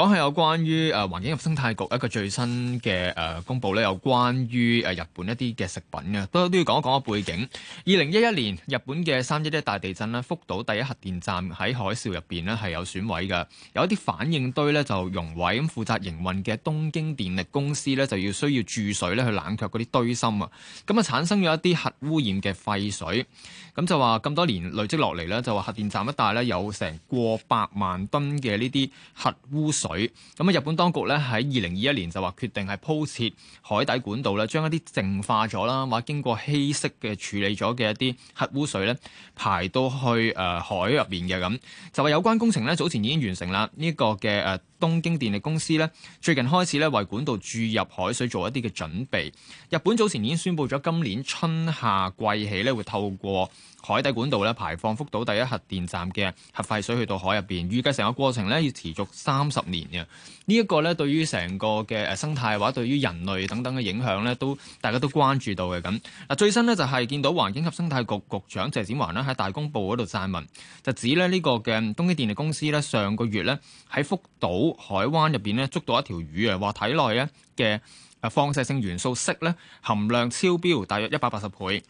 講係有關於誒、呃、環境及生態局一個最新嘅誒、呃、公佈咧，有關於誒、呃、日本一啲嘅食品嘅，都都要講一講個背景。二零一一年日本嘅三一一大地震呢，福島第一核電站喺海嘯入邊呢係有損毀嘅，有一啲反應堆呢，就熔毀，咁負責營運嘅東京電力公司呢，就要需要注水呢去冷卻嗰啲堆芯啊，咁啊產生咗一啲核污染嘅廢水，咁就話咁多年累積落嚟呢，就話核電站一帶呢，有成過百萬噸嘅呢啲核污水。佢咁啊！日本當局咧，喺二零二一年就話決定係鋪設海底管道咧，將一啲淨化咗啦，或者經過稀釋嘅處理咗嘅一啲核污水咧，排到去誒海入面嘅咁，就話有關工程咧早前已經完成啦，呢個嘅誒。東京電力公司咧最近開始咧為管道注入海水做一啲嘅準備。日本早前已經宣布咗今年春夏季起咧會透過海底管道咧排放福島第一核電站嘅核廢水去到海入面，預計成個過程咧要持續三十年嘅。呢一個咧對於成個嘅誒生態或者對於人類等等嘅影響咧都大家都關注到嘅咁。嗱，最新咧就係見到環境及生態局局，局長謝展華咧喺大公報嗰度撰文，就指咧呢個嘅東京電力公司咧上個月咧喺福島。海灣入邊咧捉到一條魚啊，話體內咧嘅誒放射性元素銫咧含量超標，大約一百八十倍。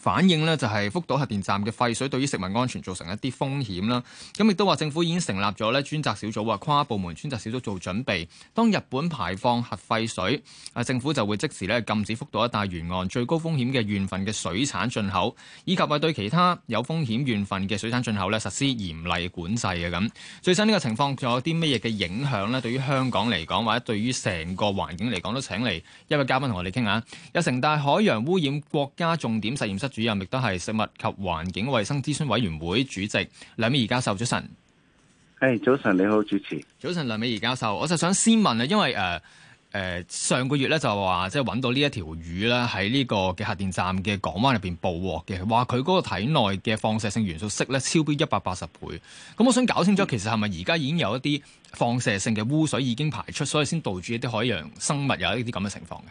反映呢就係福島核電站嘅廢水對於食物安全造成一啲風險啦。咁亦都話政府已經成立咗咧專責小組話跨部門專責小組做準備，當日本排放核廢水，啊政府就會即時咧禁止福島一帶沿岸最高風險嘅縣份嘅水產進口，以及啊對其他有風險縣份嘅水產進口咧實施嚴厲管制嘅咁。最新呢個情況仲有啲乜嘢嘅影響咧？對於香港嚟講或者對於成個環境嚟講都請嚟一位嘉賓同我哋傾下。有城大海洋污染國家重點實驗室。主任亦都係食物及環境衛生諮詢委員會主席梁美儀教授，早晨。誒，hey, 早晨，你好，主持。早晨，梁美儀教授，我就想先問啊，因為誒誒、呃呃，上個月咧就話即係揾到呢一條魚咧喺呢個嘅核電站嘅港灣入邊捕獲嘅，話佢嗰個體內嘅放射性元素銫咧超標一百八十倍。咁我想搞清楚，嗯、其實係咪而家已經有一啲放射性嘅污水已經排出，所以先導致一啲海洋生物有一啲咁嘅情況嘅？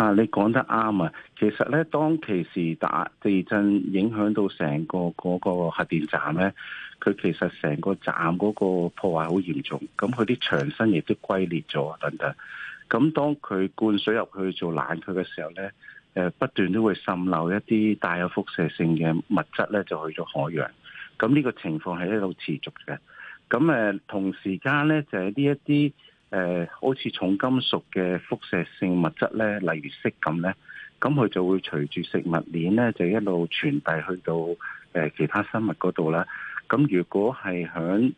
啊！你講得啱啊！其實咧，當其時打地震影響到成個嗰個核電站咧，佢其實成個站嗰個破壞好嚴重，咁佢啲牆身亦都龜裂咗啊。等等。咁當佢灌水入去做冷卻嘅時候咧，誒不斷都會滲漏一啲帶有輻射性嘅物質咧，就去咗海洋。咁呢個情況係一路持續嘅。咁誒同時間咧就係呢一啲。誒、呃，好似重金屬嘅輻射性物質咧，例如銫咁咧，咁佢就會隨住食物鏈咧，就一路傳遞去到、呃、其他生物嗰度啦。咁如果係響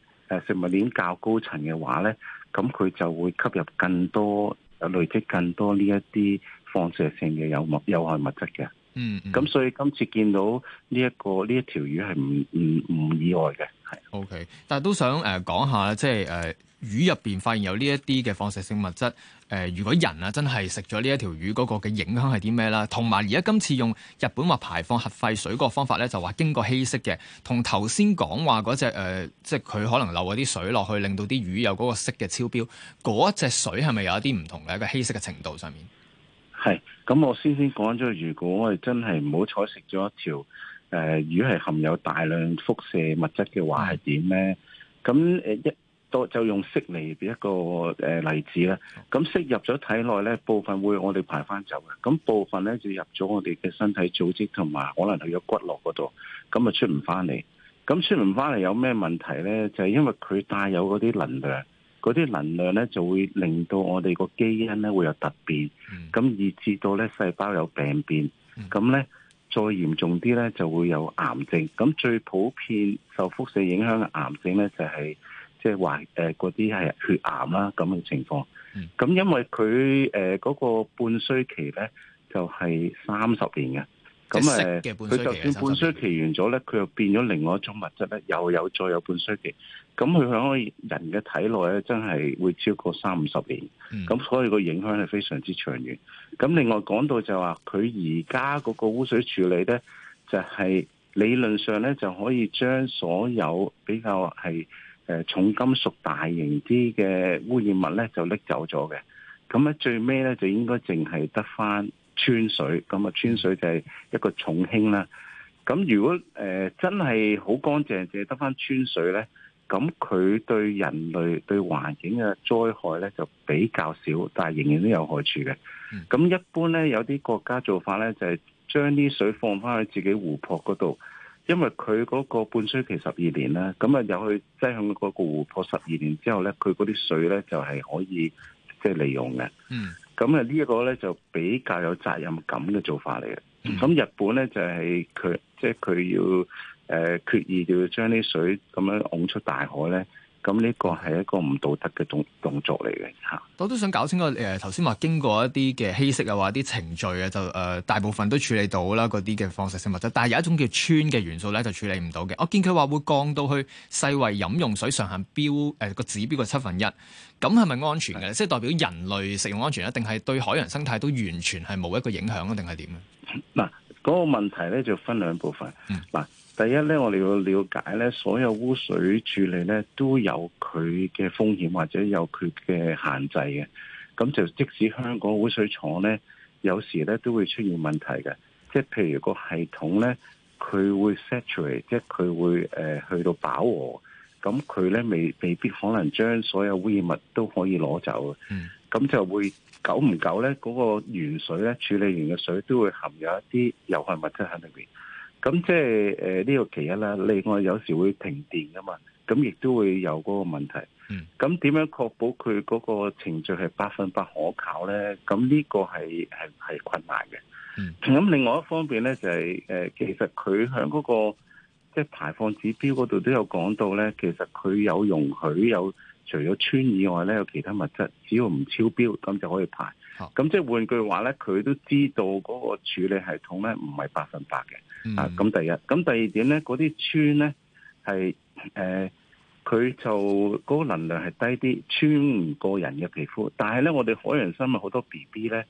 食物鏈較高層嘅話咧，咁佢就會吸入更多、累積更多呢一啲放射性嘅有物有害物質嘅。嗯，嗯，咁所以今次見到呢、這、一個呢一條魚係唔唔唔意外嘅。o、okay. k 但都想誒、呃、講下，即係誒。呃魚入邊發現有呢一啲嘅放射性物質，誒、呃，如果人啊真係食咗呢一條魚嗰、那個嘅影響係啲咩啦？同埋而家今次用日本話排放核廢水嗰個方法咧，就話經過稀釋嘅，同頭先講話嗰隻誒，即係佢可能漏嗰啲水落去，令到啲魚有嗰個銫嘅超標，嗰隻水係咪有一啲唔同嘅一個稀釋嘅程度上面？係，咁我先先講咗，如果我哋真係唔好彩食咗一條誒、呃、魚係含有大量輻射物質嘅話係點咧？咁誒一。的多就用銫嚟嘅一個誒例子啦。咁銫入咗體內咧，部分會我哋排翻走嘅，咁部分咧就入咗我哋嘅身體組織同埋，可能去咗骨骼嗰度，咁啊出唔翻嚟。咁出唔翻嚟有咩問題咧？就係、是、因為佢帶有嗰啲能量，嗰啲能量咧就會令到我哋個基因咧會有突變，咁、嗯、以至到咧細胞有病變，咁咧、嗯、再嚴重啲咧就會有癌症。咁最普遍受輻射影響嘅癌症咧就係、是。即係話誒，嗰啲係血癌啦咁嘅情況，咁、嗯、因為佢誒嗰個半衰期咧就係三十年嘅，咁誒佢就算半衰期完咗咧，佢又變咗另外一種物質咧，又有再有半衰期，咁佢喺個人嘅體內咧，真係會超過三五十年，咁、嗯、所以個影響係非常之長遠。咁另外講到就話，佢而家嗰個污水處理咧，就係理論上咧就可以將所有比較係。誒，重金屬大型啲嘅污染物咧就拎走咗嘅，咁咧最尾咧就應該淨係得翻氚水，咁啊氚水就係一個重氫啦。咁如果誒、呃、真係好乾淨，淨係得翻氚水咧，咁佢對人類對環境嘅災害咧就比較少，但係仍然都有害處嘅。咁一般咧有啲國家做法咧就係將啲水放翻去自己湖泊嗰度。因為佢嗰個半衰期十二年啦，咁啊又去擠向嗰個湖泊十二年之後咧，佢嗰啲水咧就係可以即係利用嘅。嗯，咁啊呢一個咧就比較有責任感嘅做法嚟嘅。咁日本咧就係佢即係佢要誒、呃、決意就要將啲水咁樣湧出大海咧。咁呢個係一個唔道德嘅動動作嚟嘅吓，我都想搞清楚誒，頭先話經過一啲嘅稀釋啊，或啲程序啊，就誒大部分都處理到啦，嗰啲嘅放射性物質，但係有一種叫氚嘅元素咧，就處理唔到嘅。我見佢話會降到去世衛飲用水上限標誒個指標嘅七分一，咁係咪安全嘅？的即係代表人類食用安全咧，定係對海洋生態都完全係冇一個影響啊？定係點咧？嗱，嗰個問題咧就分兩部分，嗱、嗯。第一咧，我哋要了解咧，所有污水處理咧都有佢嘅風險或者有佢嘅限制嘅。咁就即使香港污水廠咧，有時咧都會出現問題嘅。即係譬如個系統咧，佢會 saturate，即係佢會誒、呃、去到飽和，咁佢咧未未必可能將所有污染物都可以攞走。咁、mm. 就會久唔久咧，嗰、那個原水咧處理完嘅水都會含有一啲有害物質喺裏邊。咁即係誒呢個其一啦，另外有時會停電噶嘛，咁亦都會有嗰個問題。嗯，咁點樣確保佢嗰個程序係百分百可靠咧？咁呢個係係係困難嘅。嗯，咁另外一方面咧就係、是、誒、呃，其實佢喺嗰個即係、就是、排放指標嗰度都有講到咧，其實佢有容許有除咗氚以外咧，有其他物質，只要唔超標咁就可以排。咁即係換句話咧，佢都知道嗰個處理系統咧唔係百分百嘅啊。咁第一，咁第二點咧，嗰啲氚咧係誒，佢、呃、就嗰個能量係低啲，穿唔過人嘅皮膚。但係咧，我哋海洋生物好多 B B 咧，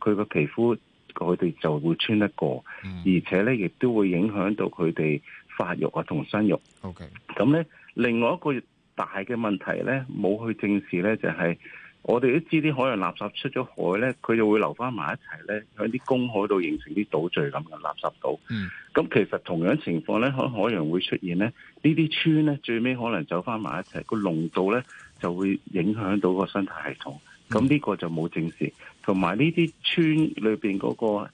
佢個皮膚佢哋就會穿得過，嗯、而且咧亦都會影響到佢哋發育啊同生育。O K. 咁咧，另外一個大嘅問題咧，冇去正視咧，就係、是。我哋都知啲海洋垃圾出咗海呢，佢就會留翻埋一齊，呢喺啲公海度形成啲島嶼咁嘅垃圾島。咁、嗯、其實同樣情況呢，海洋會出現呢呢啲氚呢，最尾可能走翻埋一齊，個濃度呢，就會影響到個生態系統。咁呢、嗯、個就冇證實，同埋呢啲氚裏邊嗰個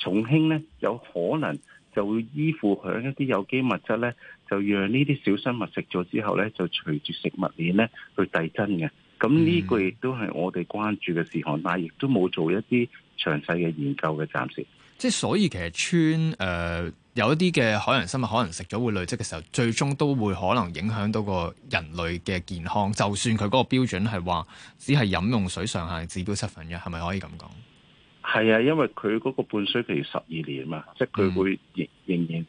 重氫呢，有可能就會依附響一啲有機物質呢，就讓呢啲小生物食咗之後呢，就隨住食物鏈呢去遞增嘅。咁呢個亦都係我哋關注嘅事項，但係亦都冇做一啲詳細嘅研究嘅，暫時。嗯、即係所以其實穿誒、呃、有一啲嘅海洋生物可能食咗會累積嘅時候，最終都會可能影響到個人類嘅健康。就算佢嗰個標準係話只係飲用水上限指標七分一，係咪可以咁講？係啊，因為佢嗰個半衰期十二年啊嘛，即係佢會仍仍然。嗯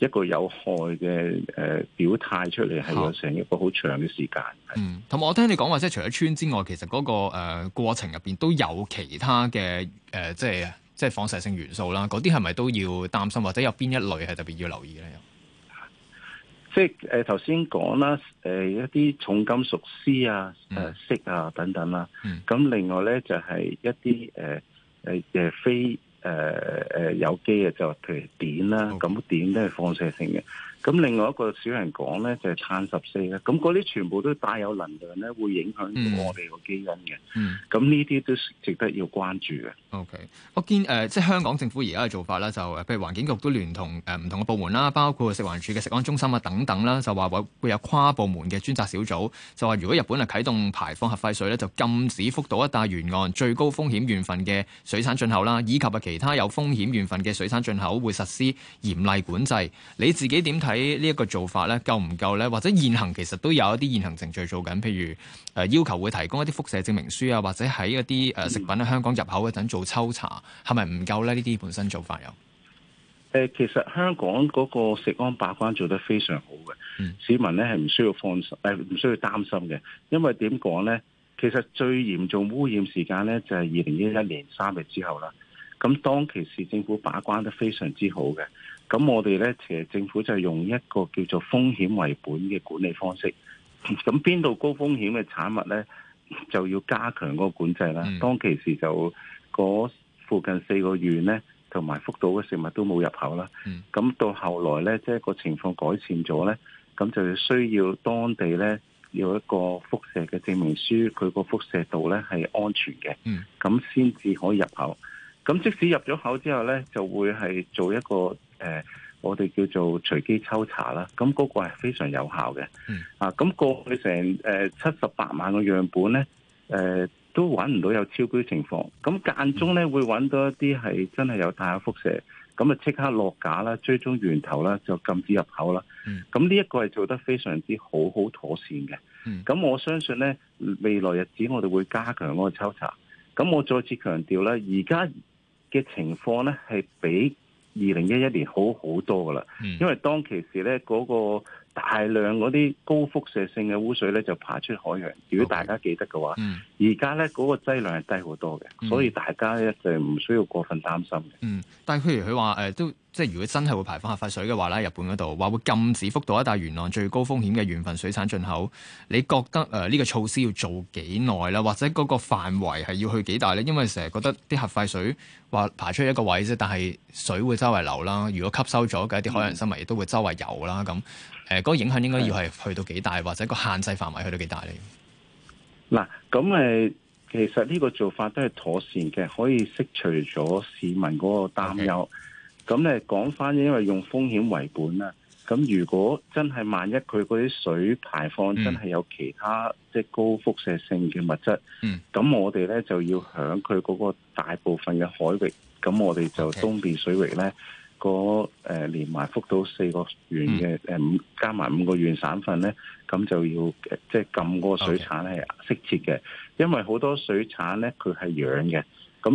一個有害嘅誒表態出嚟，係有成一個好長嘅時間。嗯，同埋我聽你講話，即係除咗氚之外，其實嗰、那個誒、呃、過程入邊都有其他嘅誒、呃，即係即係放射性元素啦。嗰啲係咪都要擔心，或者有邊一類係特別要留意咧？即係誒頭先講啦，誒、呃呃、一啲重金屬鍶啊、誒銫、嗯、啊、啊等等啦、啊。咁、嗯、另外咧就係、是、一啲誒誒誒非。誒誒、呃呃呃，有機嘅就譬如碘啦，咁碘都係放射性嘅。咁另外一個少人講咧，就係、是、碳十四咧。咁嗰啲全部都帶有能量咧，會影響到我哋個基因嘅。咁呢啲都值得要關注嘅。O、okay. K，我見誒、呃，即係香港政府而家嘅做法咧，就譬如環境局都聯同誒唔、呃、同嘅部門啦，包括食環署嘅食安中心啊等等啦，就話會有跨部門嘅專責小組，就話如果日本係啟動排放核廢水咧，就禁止福島一帶沿岸最高風險縣份嘅水產進口啦，以及啊其他有風險縣份嘅水產進口會實施嚴厲管制。你自己點睇？喺呢一個做法咧夠唔夠咧？或者現行其實都有一啲現行程序做緊，譬如誒要求會提供一啲輻射證明書啊，或者喺一啲誒食品喺香港入口嗰陣做抽查，係咪唔夠咧？是不是不夠呢啲本身做法有？誒，其實香港嗰個食安把關做得非常好嘅，嗯、市民咧係唔需要放心誒，唔需要擔心嘅，因為點講咧？其實最嚴重的污染時間咧就係二零一一年三月之後啦。咁當其時政府把關得非常之好嘅。咁我哋咧，其實政府就用一個叫做風險為本嘅管理方式。咁邊度高風險嘅產物咧，就要加強嗰個管制啦。嗯、當其時就嗰附近四個縣咧，同埋福島嘅食物都冇入口啦。咁、嗯、到後來咧，即係個情況改善咗咧，咁就要需要當地咧要一個輻射嘅證明書，佢個輻射度咧係安全嘅，咁先至可以入口。咁即使入咗口之後咧，就會係做一個。誒、呃，我哋叫做隨機抽查啦，咁、那、嗰個係非常有效嘅。啊，咁過去成誒、呃、七十八萬個樣本咧，誒、呃、都揾唔到有超標情況，咁間中咧會揾到一啲係真係有大核輻射，咁啊即刻落架啦，追蹤源頭啦，就禁止入口啦。咁呢一個係做得非常之好好妥善嘅。咁我相信咧，未來日子我哋會加強嗰個抽查。咁我再次強調咧，而家嘅情況咧係比。二零一一年好好多噶啦，嗯，因為當其時咧，那、嗰個。大量嗰啲高輻射性嘅污水咧就排出海洋。Okay. 如果大家記得嘅話，而家咧嗰個劑量係低好多嘅，嗯、所以大家咧就唔需要過分擔心嘅。嗯，但係譬如佢話誒，都即係如果真係會排放核廢水嘅話咧，日本嗰度話會禁止福島一帶沿岸最高風險嘅緣份水產進口。你覺得誒呢、呃呢個措施要做幾耐啦，或者嗰個範圍係要去幾大咧？因為成日覺得啲核廢水話排出一個位啫，但係水會周圍流啦。如果吸收咗嘅一啲海洋生物亦都會周圍游啦，咁。誒嗰，呃嗰個影響應該要係去到幾大，的或者個限制範圍去到幾大咧？嗱，咁誒其實呢個做法都係妥善嘅，可以釋除咗市民嗰個擔憂。咁咧講翻，因為用風險為本啦。咁如果真係萬一佢嗰啲水排放真係有其他，嗯、即係高輻射性嘅物質，咁、嗯、我哋咧就要響佢嗰個大部分嘅海域，咁我哋就東邊水域咧。Okay. 那個誒、呃、連埋福島四個縣嘅誒五加埋五個縣省份咧，咁、嗯、就要即係、就是、禁個水產係適切嘅，Okay. 因為好多水產咧佢係養嘅，咁如果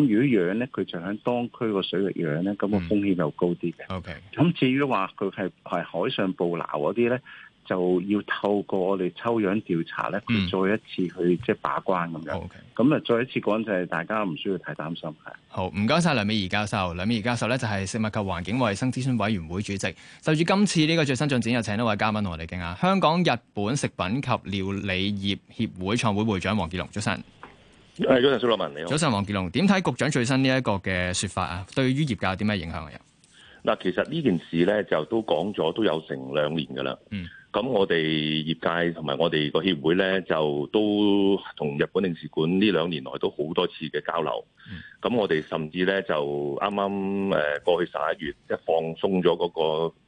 養咧佢就喺當區個水域養咧，咁、那個風險又高啲嘅。O K，咁至於話佢係係海上捕撈嗰啲咧。就要透過我哋抽樣調查咧，再一次去、嗯、即係把關咁 Okay. 樣。咁啊，再一次講就係大家唔需要太擔心。好，唔該晒梁美儀教授。梁美儀教授咧就係食物及環境衞生諮詢委員會主席。就住今次呢個最新進展，又請到一位嘉賓同我哋傾下。香港日本食品及料理業協會創會會，會長黃傑龍，早晨。係，早晨蘇羅文你好。早晨，黃傑龍，點睇局長最新呢一個嘅說法啊？對於業界有啲咩影響嘅嗱？其實呢件事咧就都講咗都有成兩年噶啦。嗯。咁我哋業界同埋我哋個協會咧，就都同日本領事館呢兩年來都好多次嘅交流。咁、嗯、我哋甚至咧就啱啱誒過去十一月一放鬆咗嗰個、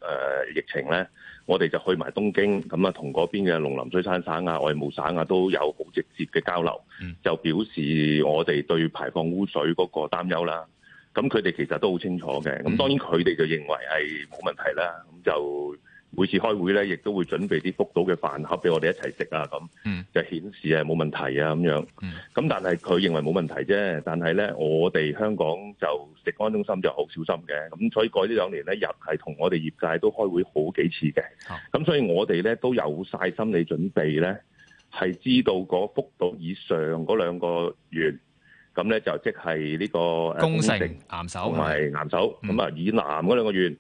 呃、疫情咧，我哋就去埋東京，咁啊同嗰邊嘅農林水產省啊、外務省啊都有好直接嘅交流，就表示我哋對排放污水嗰個擔憂啦。咁佢哋其實都好清楚嘅。咁當然佢哋就認為係冇問題啦。咁就。每次開會咧，亦都會準備啲福島嘅飯盒俾我哋一齊食啊，咁、嗯、就顯示係冇問題啊咁樣。咁、嗯、但係佢認為冇問題啫，但係咧我哋香港就食安中心就好小心嘅，咁所以過呢兩年咧，又係同我哋業界都開會好幾次嘅。咁、啊、所以我哋咧都有晒心理準備咧，係知道嗰福島以上嗰兩個月，咁咧就即係呢、這個宮城成、啊、岩手同埋岩手，咁啊的、嗯、以南嗰兩個月。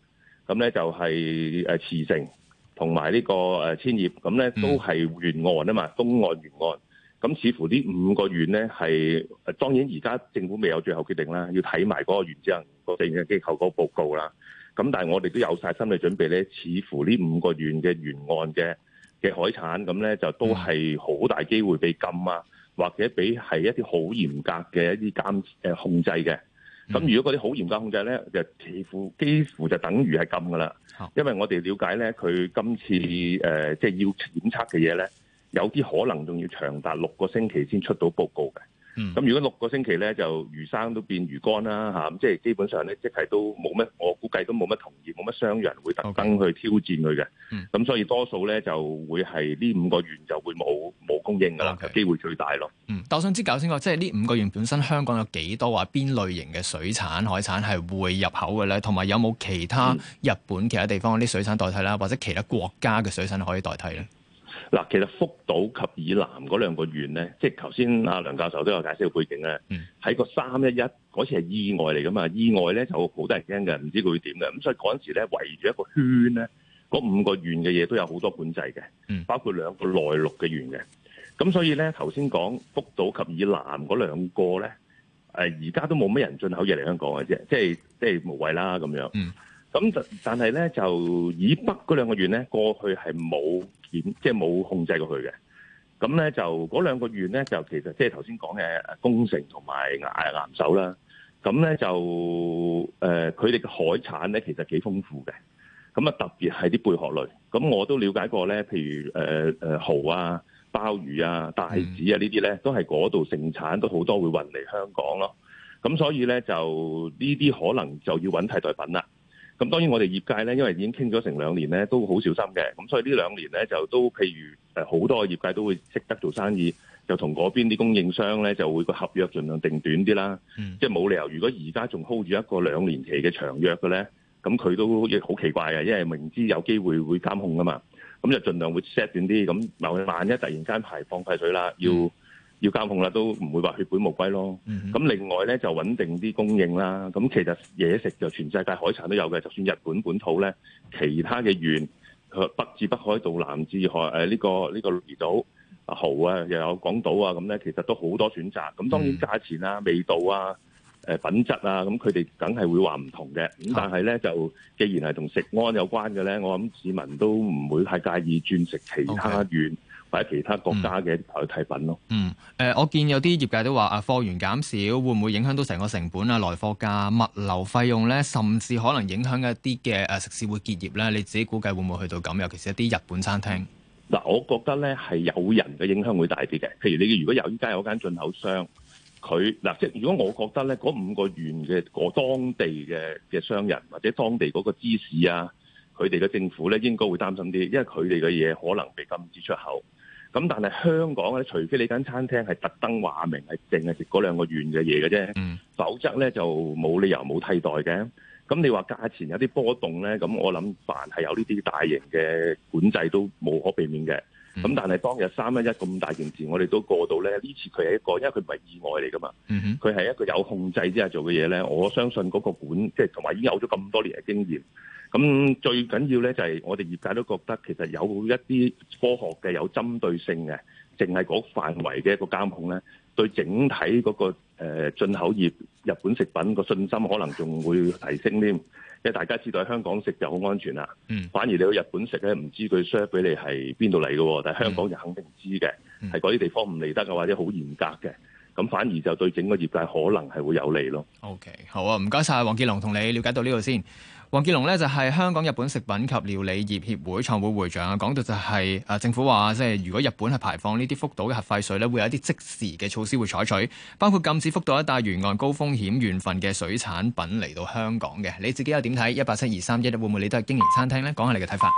咁咧就係誒茨城同埋呢個誒千葉，咁咧都係沿岸啊嘛，嗯、東岸沿岸。咁似乎呢五個縣咧，係當然而家政府未有最後決定啦，要睇埋嗰個原子能、嗰個嘅機構嗰個報告啦。咁但係我哋都有晒心理準備咧，似乎呢五個縣嘅沿岸嘅嘅海產咁咧就都係好大機會被禁啊，或者俾係一啲好嚴格嘅一啲監控制嘅。咁如果嗰啲好嚴格控制咧，就幾乎幾乎就等於係禁噶啦，因為我哋了解咧，佢今次誒即係要檢測嘅嘢咧，有啲可能仲要長達六個星期先出到報告嘅。咁、嗯、如果六個星期咧，就魚生都變魚乾啦。咁、啊、即係基本上咧，即係都冇乜，我估計都冇乜同意，冇乜商人會特登去挑戰佢嘅。咁 okay,、嗯、所以多數咧就會係呢五個縣就會冇冇供應㗎啦，okay，機會最大咯。嗯，但我想知搞清楚，即係呢五個縣本身香港有幾多話邊類型嘅水產海產係會入口嘅咧？同埋有冇其他日本、嗯、其他地方嗰啲水產代替啦，或者其他國家嘅水產可以代替咧？嗱，其實福島及以南嗰兩個縣咧，即係頭先阿梁教授都有解釋個背景咧，喺、嗯、個三一一嗰次係意外嚟㗎嘛，意外咧就好多人驚㗎，唔知佢會點嘅。咁所以嗰陣時咧圍住一個圈咧，嗰五個縣嘅嘢都有好多管制嘅，嗯、包括兩個內陸嘅縣嘅，咁所以咧頭先講福島及以南嗰兩個咧，誒而家都冇乜人進口嘢嚟香港嘅啫，即係即係無謂啦咁樣。嗯咁但但係咧就以北嗰兩個縣咧，過去係冇檢，即係冇控制過佢嘅。咁咧就嗰兩個縣咧，就其實即係頭先講嘅宮城同埋岩岩手啦。咁咧就誒，佢哋嘅海產咧其實幾豐富嘅。咁啊，特別係啲貝殼類。咁我都了解過咧，譬如誒誒、呃、蠔啊、鮑魚啊、帶子啊呢啲咧，都係嗰度盛產，都好多會運嚟香港咯。咁所以咧就呢啲可能就要揾替代品啦。咁當然我哋業界咧，因為已經傾咗成兩年咧，都好小心嘅。咁所以呢兩年咧就都，譬如誒好多業界都會識得做生意，就同嗰邊啲供應商咧就會個合約盡量定短啲啦。嗯、即係冇理由，如果而家仲 hold 住一個兩年期嘅長約嘅咧，咁佢都亦好奇怪嘅，因為明知有機會會監控㗎嘛。咁就盡量會 set 短啲，咁萬萬一突然間排放廢水啦，要、嗯。要監控啦，都唔會話血本無歸咯。咁、嗯、哼另外呢，就穩定啲供應啦。咁其實嘢食就全世界海產都有嘅，就算日本本土呢，其他嘅縣北至北海道、南至海呢、呃呢個呢、呢個離島啊、豪啊，又有港島啊，咁呢，其實都好多選擇。咁、嗯、當然價錢啊、味道啊、呃、品質啊，咁佢哋梗係會話唔同嘅。咁但係呢，就既然係同食安有關嘅呢，我諗市民都唔會太介意轉食其他縣。Okay. 喺其他國家嘅代替品咯、嗯。嗯，誒、呃，我見有啲業界都話啊，貨源減少會唔會影響到成個成本啊、來貨價、物流費用呢，甚至可能影響一啲嘅誒食肆會結業呢。你自己估計會唔會去到咁？尤其是一啲日本餐廳。嗱、呃，我覺得呢係有人嘅影響會大啲嘅。譬如你如果有依家有間進口商，佢嗱、呃、即係如果我覺得呢嗰五個縣嘅個當地嘅嘅商人或者當地嗰個芝士啊，佢哋嘅政府呢應該會擔心啲，因為佢哋嘅嘢可能被禁止出口。咁但係香港咧，除非你間餐廳係特登話明係淨係食嗰兩個縣嘅嘢嘅啫，否則咧就冇理由冇替代嘅。咁你話價錢有啲波動咧，咁我諗凡係有呢啲大型嘅管制都無可避免嘅。咁、嗯嗯、但係當日三一一咁大件事，我哋都過到咧。呢次佢係一個，因為佢唔係意外嚟噶嘛，佢係、嗯、哼一個有控制之下做嘅嘢咧。我相信嗰個管，即係同埋已經有咗咁多年嘅經驗。咁最緊要咧就係我哋業界都覺得其實有一啲科學嘅、有針對性嘅，淨係嗰範圍嘅一個監控咧。對整體嗰個誒進口業日本食品個信心可能仲會提升添，因為大家知道喺香港食就好安全啦。嗯、反而你去日本食咧，唔知佢 source 俾你係邊度嚟嘅喎，但係香港就肯定知嘅，係嗰啲地方唔嚟得嘅，或者好嚴格嘅。咁反而就對整個業界可能係會有利咯。OK，好啊，唔該晒。黃傑龍，同你了解到呢度先。黃傑龍咧就係、是、香港日本食品及料理業協會創會會長到、就是、啊，講到就係啊，政府話即係如果日本係排放這些島的，呢啲福島嘅核廢水咧，會有一啲即時嘅措施會採取，包括禁止福島一帶沿岸高風險緣份嘅水產品嚟到香港嘅。你自己又點睇？一八七二三一一會唔會你都係經營餐廳呢？講下你嘅睇法。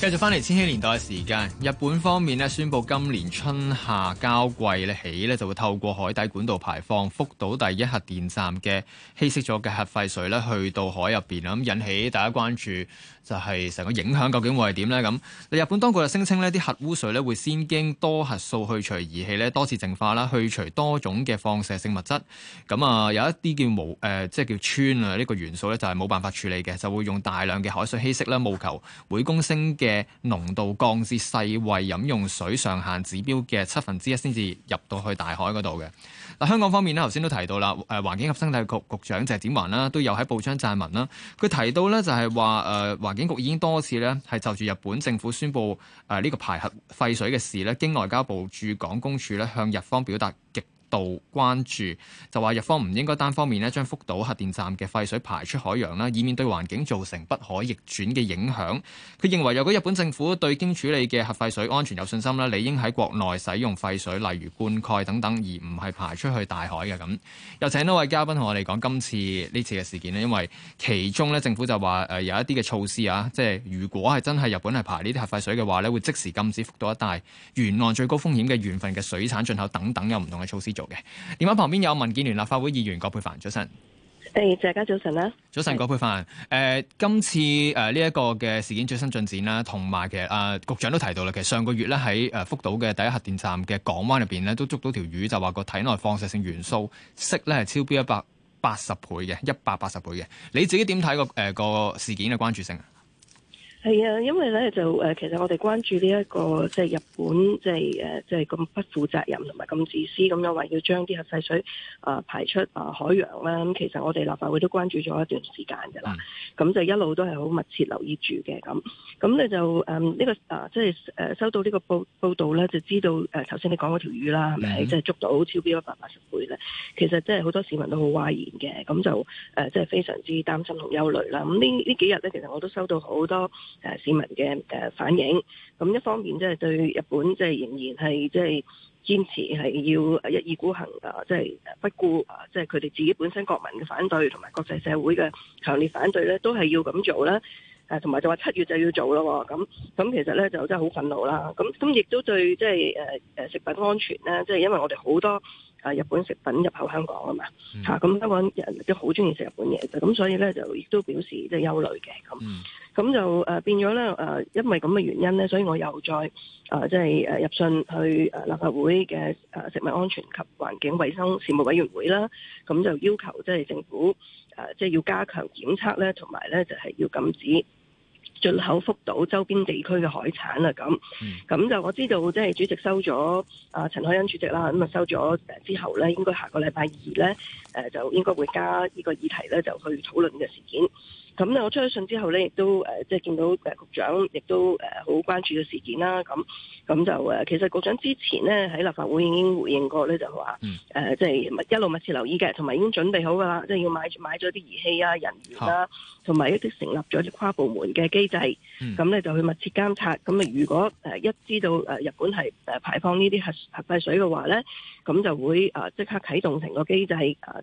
繼續翻嚟千禧年代嘅時間，日本方面呢宣布今年春夏交季呢起呢就會透過海底管道排放福島第一核電站嘅稀釋咗嘅核廢水呢去到海入邊，咁引起大家關注。就係成個影響，究竟會係點呢？咁日本當局就聲稱呢啲核污水呢會先經多核素去除儀器呢多次淨化啦，去除多種嘅放射性物質。咁啊，有一啲叫無即係叫氚啊，呢個元素呢，就係冇辦法處理嘅，就會用大量嘅海水稀釋啦，務求每公升嘅濃度降至世衛飲用水上限指標嘅七分之一先至入到去大海嗰度嘅。香港方面咧，頭先都提到啦，誒環境及生態局局，局長謝展寰啦，都有喺報章撰文啦。佢提到咧，就係話誒環境局已經多次咧，係就住日本政府宣布誒呢個排核廢水嘅事咧，經外交部駐港公署咧向日方表達極度關注，就話日方唔應該單方面將福島核電站嘅廢水排出海洋啦，以免對環境造成不可逆轉嘅影響。佢認為如果日本政府對經處理嘅核廢水安全有信心咧，理應喺國內使用廢水，例如灌溉等等，而唔係排出去大海嘅。咁又請多位嘉賓同我哋講今次呢次嘅事件呢，因為其中呢，政府就話誒有一啲嘅措施啊，即係如果係真係日本係排呢啲核廢水嘅話呢，會即時禁止福島一帶沿岸最高風險嘅縣份嘅水產進口等等，有唔同嘅措施做。嘅電話旁邊有民建聯立法會議員葛珮帆，早晨。誒，大家早晨啦，早晨，葛是珮帆。誒、呃，今次誒呢一個嘅事件最新進展啦，同埋其實誒、呃、局長都提到啦，其實上個月咧喺誒福島嘅第一核電站嘅港灣入邊咧，都捉到條魚，就話個體內放射性元素銫咧係超標一百八十倍嘅，一百八十倍嘅。你自己點睇個誒、呃、個事件嘅關注性啊？係啊，因為咧就、呃、其實我哋關注呢、呢、一個即係日本即係誒，即係咁不負責任同埋咁自私咁樣話要將啲核廢水啊、呃、排出啊海洋啦。咁其實我哋立法會都關注咗一段時間㗎啦。咁、嗯、就一路都係好密切留意住嘅咁。咁咧就誒呢、嗯呢個啊即係收到呢個報報道咧，就知道誒頭先你講嗰條魚啦，係咪、嗯、即係捉到超標一百八十倍咧。其實即係好多市民都好懷疑嘅，咁就誒、呃、即係非常之擔心同憂慮啦。咁呢呢幾日咧，其實我都收到好多。誒市民嘅誒反應，咁一方面即係對日本即係仍然係即係堅持係要一意孤行啊，即係不顧即係佢哋自己本身國民嘅反對同埋國際社會嘅強烈反對咧，都係要咁做啦。誒同埋就話七月就要做咯，咁咁其實咧就真係好憤怒啦。咁咁亦都對即係誒誒食品安全咧，即係因為我哋好多。啊！日本食品入口香港，嗯、啊嘛，吓咁香港人都好鍾意食日本嘢嘅，咁所以咧就亦都表示即係憂慮嘅咁，咁、嗯、就誒變咗咧誒，因為咁嘅原因咧，所以我又再誒即係誒入信去誒立法會嘅誒食物安全及環境衞生事務委員會啦，咁就要求即係政府誒即係要加強檢測咧，同埋咧就係要禁止。進口福島周邊地區嘅海產啊，咁咁、嗯、就我知道，即係主席收咗啊、呃、陳海恩主席啦，咁啊收咗誒之後呢，應該下個禮拜二呢，誒、呃，就應該會加呢個議題呢，就去討論嘅事件。咁咧，我出咗信之後咧，亦都即係見到誒局長，亦都誒好關注嘅事件啦。咁咁就誒，其實局長之前咧喺立法會已經回應過咧，就話誒，即係一路密切留意嘅，同埋已經準備好噶啦，即係要買買咗啲儀器啊、人員啦，同埋一啲成立咗啲跨部門嘅機制。咁咧、嗯、就去密切監察。咁啊，如果誒一知道誒日本係排放呢啲核核廢水嘅話咧，咁就會即刻啟動成個機制，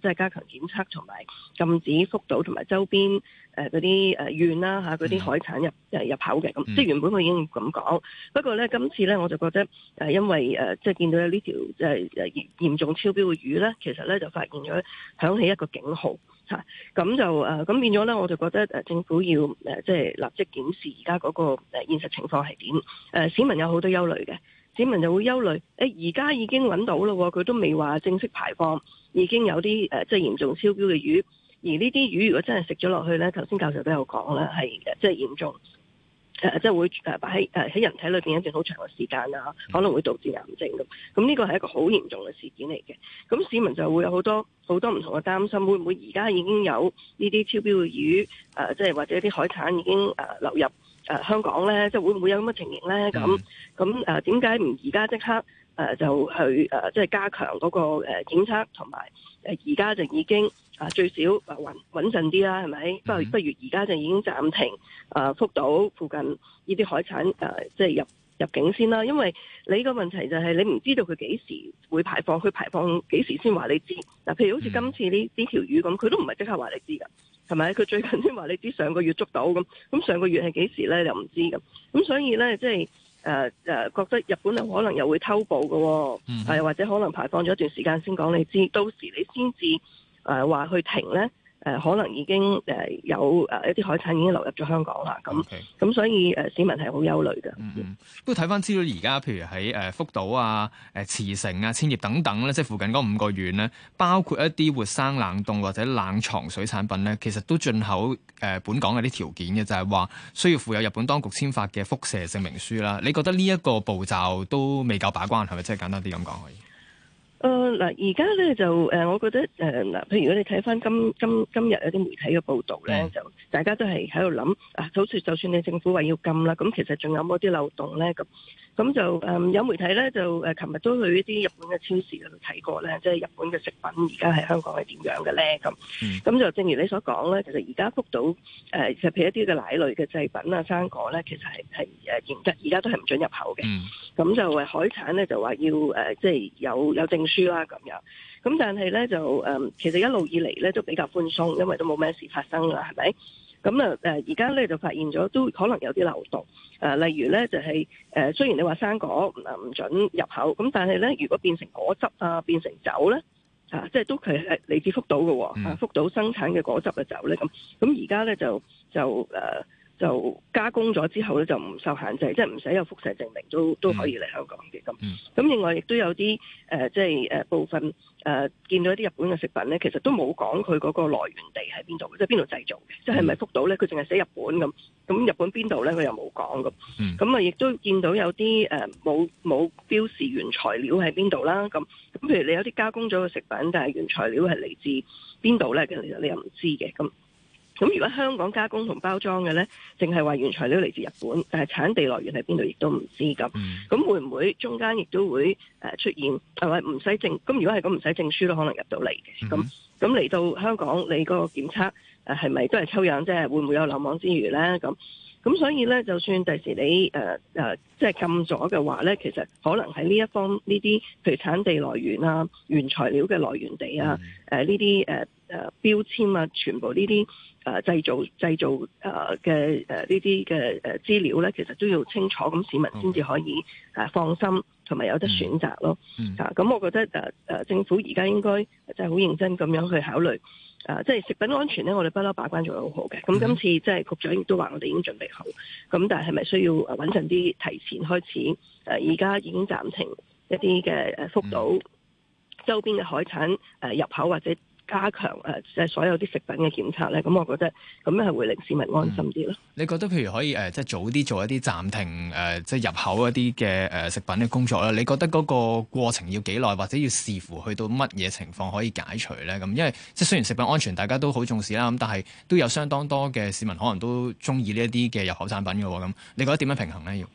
即係加強檢測同埋禁止福島同埋周邊。誒嗰啲誒魚啦嚇，嗰啲、啊、海產入誒入口嘅咁，嗯、即係原本佢已經咁講。不過咧，今次咧我就覺得誒，因為誒即係見到有呢條誒誒、呃、嚴重超標嘅魚咧，其實咧就發現咗響起一個警號嚇。咁、啊、就誒咁、呃、變咗咧，我就覺得誒政府要誒、呃、即係立即檢視而家嗰個誒現實情況係點？誒、呃、市民有好多憂慮嘅，市民就會憂慮誒，而、欸、家已經揾到咯，佢都未話正式排放，已經有啲誒、呃、即係嚴重超標嘅魚。而呢啲魚如果真係食咗落去呢，頭先教授都有講啦，係即係嚴重，即係、呃、即係會擺喺、呃、人體裏面一段好長嘅時間啊，可能會導致癌症咁。咁呢個係一個好嚴重嘅事件嚟嘅。咁市民就會有好多好多唔同嘅擔心，會唔會而家已經有呢啲超標嘅魚？呃、即係或者啲海產已經、呃、流入、呃、香港呢？即係會唔會有咁嘅情形呢？咁咁點解唔而家即刻？誒、呃、就去誒，即、呃、係、就是、加強嗰、那個檢、呃、檢測同埋誒而家就已經啊最、呃、少穩穩陣啲啦，係咪？不、mm hmm. 不如而家就已經暫停啊、呃，福島附近呢啲海產誒，即、呃、係、就是、入入境先啦。因為你個問題就係你唔知道佢幾時會排放，佢排放幾時先話你知。嗱、啊，譬如好似今次呢呢條魚咁，佢都唔係即刻話你知㗎，係咪？佢最近先話你知上個月捉到咁，咁上個月係幾時咧？又唔知咁，咁所以咧即係。就是誒誒、呃呃，覺得日本人可能又會偷捕嘅、哦，喎、嗯，或者可能排放咗一段時間先講你知，到時你先至誒話去停咧。誒可能已經誒有誒一啲海產已經流入咗香港啦，咁咁 Okay. 所以誒市民係好憂慮嘅、嗯。嗯嗯，不過睇翻資料，而家譬如喺誒福島啊、誒茨城啊、千葉等等咧，即係附近嗰五個縣咧，包括一啲活生冷凍或者冷藏水產品咧，其實都進口誒本港嘅啲條件嘅，就係、是、話需要附有日本當局簽發嘅輻射證明書啦。你覺得呢一個步驟都未夠把關，係咪？即係簡單啲咁講可以。誒嗱，而家咧就誒、呃，我覺得誒嗱、呃，譬如如果你睇返今今今日有啲媒體嘅報道咧，就大家都係喺度諗啊，就算就算你政府話要禁啦，咁其實仲有冇啲漏洞咧？咁咁就誒、嗯、有媒體咧就誒琴日都去一啲日本嘅超市度睇過咧，即、就、係、是、日本嘅食品而家喺香港係點樣嘅咧？咁咁、mm. 就正如你所講咧，其實而家福島誒，就譬如一啲嘅奶類嘅製品啊、生果咧，其實係係誒認得而家都係唔准入口嘅。咁、mm. 就誒海產咧就話要誒即係有有證書啦咁樣。咁但係咧就誒、呃、其實一路以嚟咧都比較寬鬆，因為都冇咩事發生啦，係咪？咁啊而家咧就發現咗都可能有啲漏洞。誒，例如咧就係誒雖然你話生果唔准準入口，咁但係咧如果變成果汁啊，變成酒咧嚇，即係都係係嚟自福島嘅喎，啊、mm. 福島生產嘅果汁嘅酒咧咁，咁而家咧就就誒就加工咗之後咧就唔受限制，即係唔使有輻射證明都都可以嚟香港嘅咁。咁另外亦都有啲誒即係部分。誒、呃、見到一啲日本嘅食品咧，其實都冇講佢嗰個來源地係邊度，即係邊度製造嘅，即係咪福島咧？佢淨係寫日本咁，咁日本邊度咧？佢又冇講咁，咁啊亦都見到有啲誒冇冇標示原材料係邊度啦，咁咁譬如你有啲加工咗嘅食品，但係原材料係嚟自邊度咧？其實你又唔知嘅咁。咁如果香港加工同包裝嘅呢，淨係話原材料嚟自日本，但係產地來源喺邊度，亦都唔知咁。咁會唔會中間亦都會、呃、出現係咪唔使證？咁、呃、如果係咁，唔使證書都可能入到嚟嘅。咁咁嚟到香港，你個檢測係咪、呃、都係抽樣？即係會唔會有漏網之魚呢？咁咁所以呢，就算第時你、呃呃、即係禁咗嘅話呢，其實可能喺呢一方呢啲，譬如產地來源啊、原材料嘅來源地啊、呢啲呃呃標籤啊，全部呢啲。誒、啊、製造製造誒嘅誒呢啲嘅誒資料咧，其實都要清楚，咁市民先至可以誒 Okay.、啊、放心，同埋有得選擇咯。嚇、mm，咁、hmm. 啊、我覺得誒誒、啊、政府而家應該真係好認真咁樣去考慮。誒、啊，即係食品安全咧，我哋不嬲把關做得，仲係好好嘅。咁今次即係局長亦都話，我哋已經準備好。咁但係係咪需要誒穩陣啲，提前開始？誒而家已經暫停一啲嘅誒福島、mm hmm. 周邊嘅海產誒、啊、入口或者。加強誒即係所有啲食品嘅檢測咧，咁我覺得咁樣係會令市民安心啲咯、嗯。你覺得譬如可以誒、呃，即係早啲做一啲暫停誒、呃，即係入口一啲嘅誒食品嘅工作咧。你覺得嗰個過程要幾耐，或者要視乎去到乜嘢情況可以解除咧？咁因為即係雖然食品安全大家都好重視啦，咁但係都有相當多嘅市民可能都中意呢一啲嘅入口產品嘅喎。咁你覺得點樣平衡咧？要？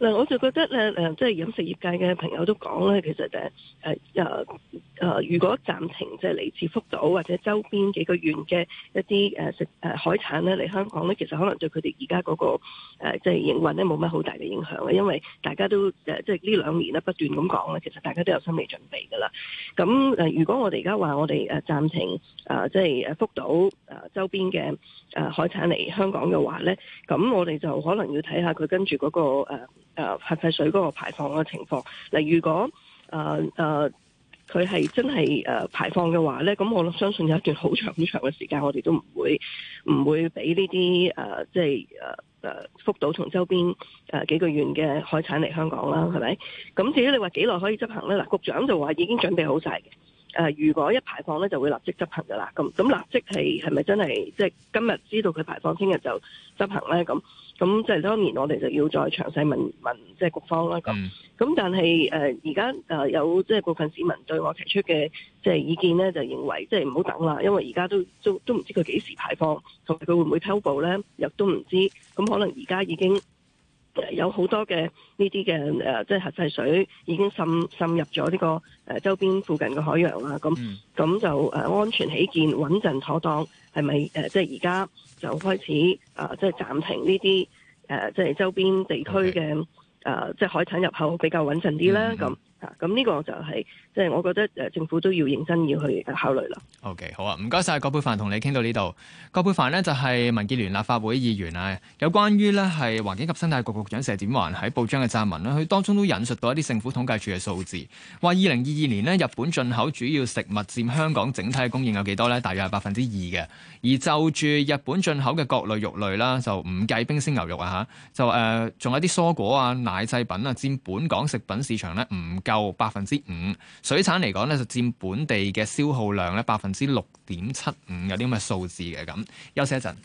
嗱，我就覺得咧，誒，即係飲食業界嘅朋友都講咧，其實誒、就係，誒、呃，誒，誒，如果暫停即係嚟自福島或者周邊幾個縣嘅一啲誒食誒、啊啊、海產咧，嚟香港咧，其實可能對佢哋而家嗰個即係營運咧冇乜好大嘅影響啊，因為大家都誒即係呢兩年咧不斷咁講咧，其實大家都有心理準備噶啦。咁誒，如果我哋而家話我哋誒暫停誒即係誒福島誒周邊嘅誒海產嚟香港嘅話咧，咁我哋就可能要睇下佢跟住嗰、嗰個、啊誒核廢水嗰個排放嘅情況，嗱、呃，如果誒誒佢係真係誒、呃、排放嘅話咧，咁我相信有一段好長好長嘅時間，我哋都唔會唔會俾呢啲誒，即係誒誒福島同周邊誒、呃、幾個縣嘅海產嚟香港啦，係咪？咁至於你話幾耐可以執行咧？嗱、呃，局長就話已經準備好晒嘅。誒、呃，如果一排放咧，就會立即執行噶啦。咁咁立即係係咪真係即係今日知道佢排放，聽日就執行咧？咁咁即係當然我哋就要再詳細問問即係局方啦。咁咁、嗯，但係誒而家誒有即係、就是、部分市民對我提出嘅即係意見咧，就認為即係唔好等啦，因為而家都都都唔知佢幾時排放，同埋佢會唔會偷步咧？又都唔知。咁可能而家已經。有好多嘅呢啲嘅即係核廢水已經滲，滲入咗呢、呢個、呃、周邊附近嘅海洋啦。咁咁、mm hmm. 就、呃、安全起見，穩陣妥當，係咪即係而家就開始即係、呃即係、暫停呢啲即係周邊地區嘅即係海產入口比較穩陣啲咧？咁、mm。Hmm. 咁呢個就係即係我覺得誒政府都要認真要去考慮啦。OK，好啊，唔該晒。葛珮帆，同你傾到呢度。葛珮帆呢，就係、是、民建聯立法會議員啊，有關於呢係環境及生態局局長謝展寰喺報章嘅撰文呢佢當中都引述到一啲政府統計處嘅數字，話二零二二年呢，日本進口主要食物佔香港整體供應有幾多呢？大約係百分之二嘅。而就住日本進口嘅各類肉類啦，就唔計冰鮮牛肉啊嚇，就仲、呃、有啲蔬果啊、奶製品啊，佔本港食品市場呢，唔計有百分之五，水產嚟講咧就佔本地嘅消耗量咧百分之六點七五，有啲咁嘅數字嘅噉，休息一陣。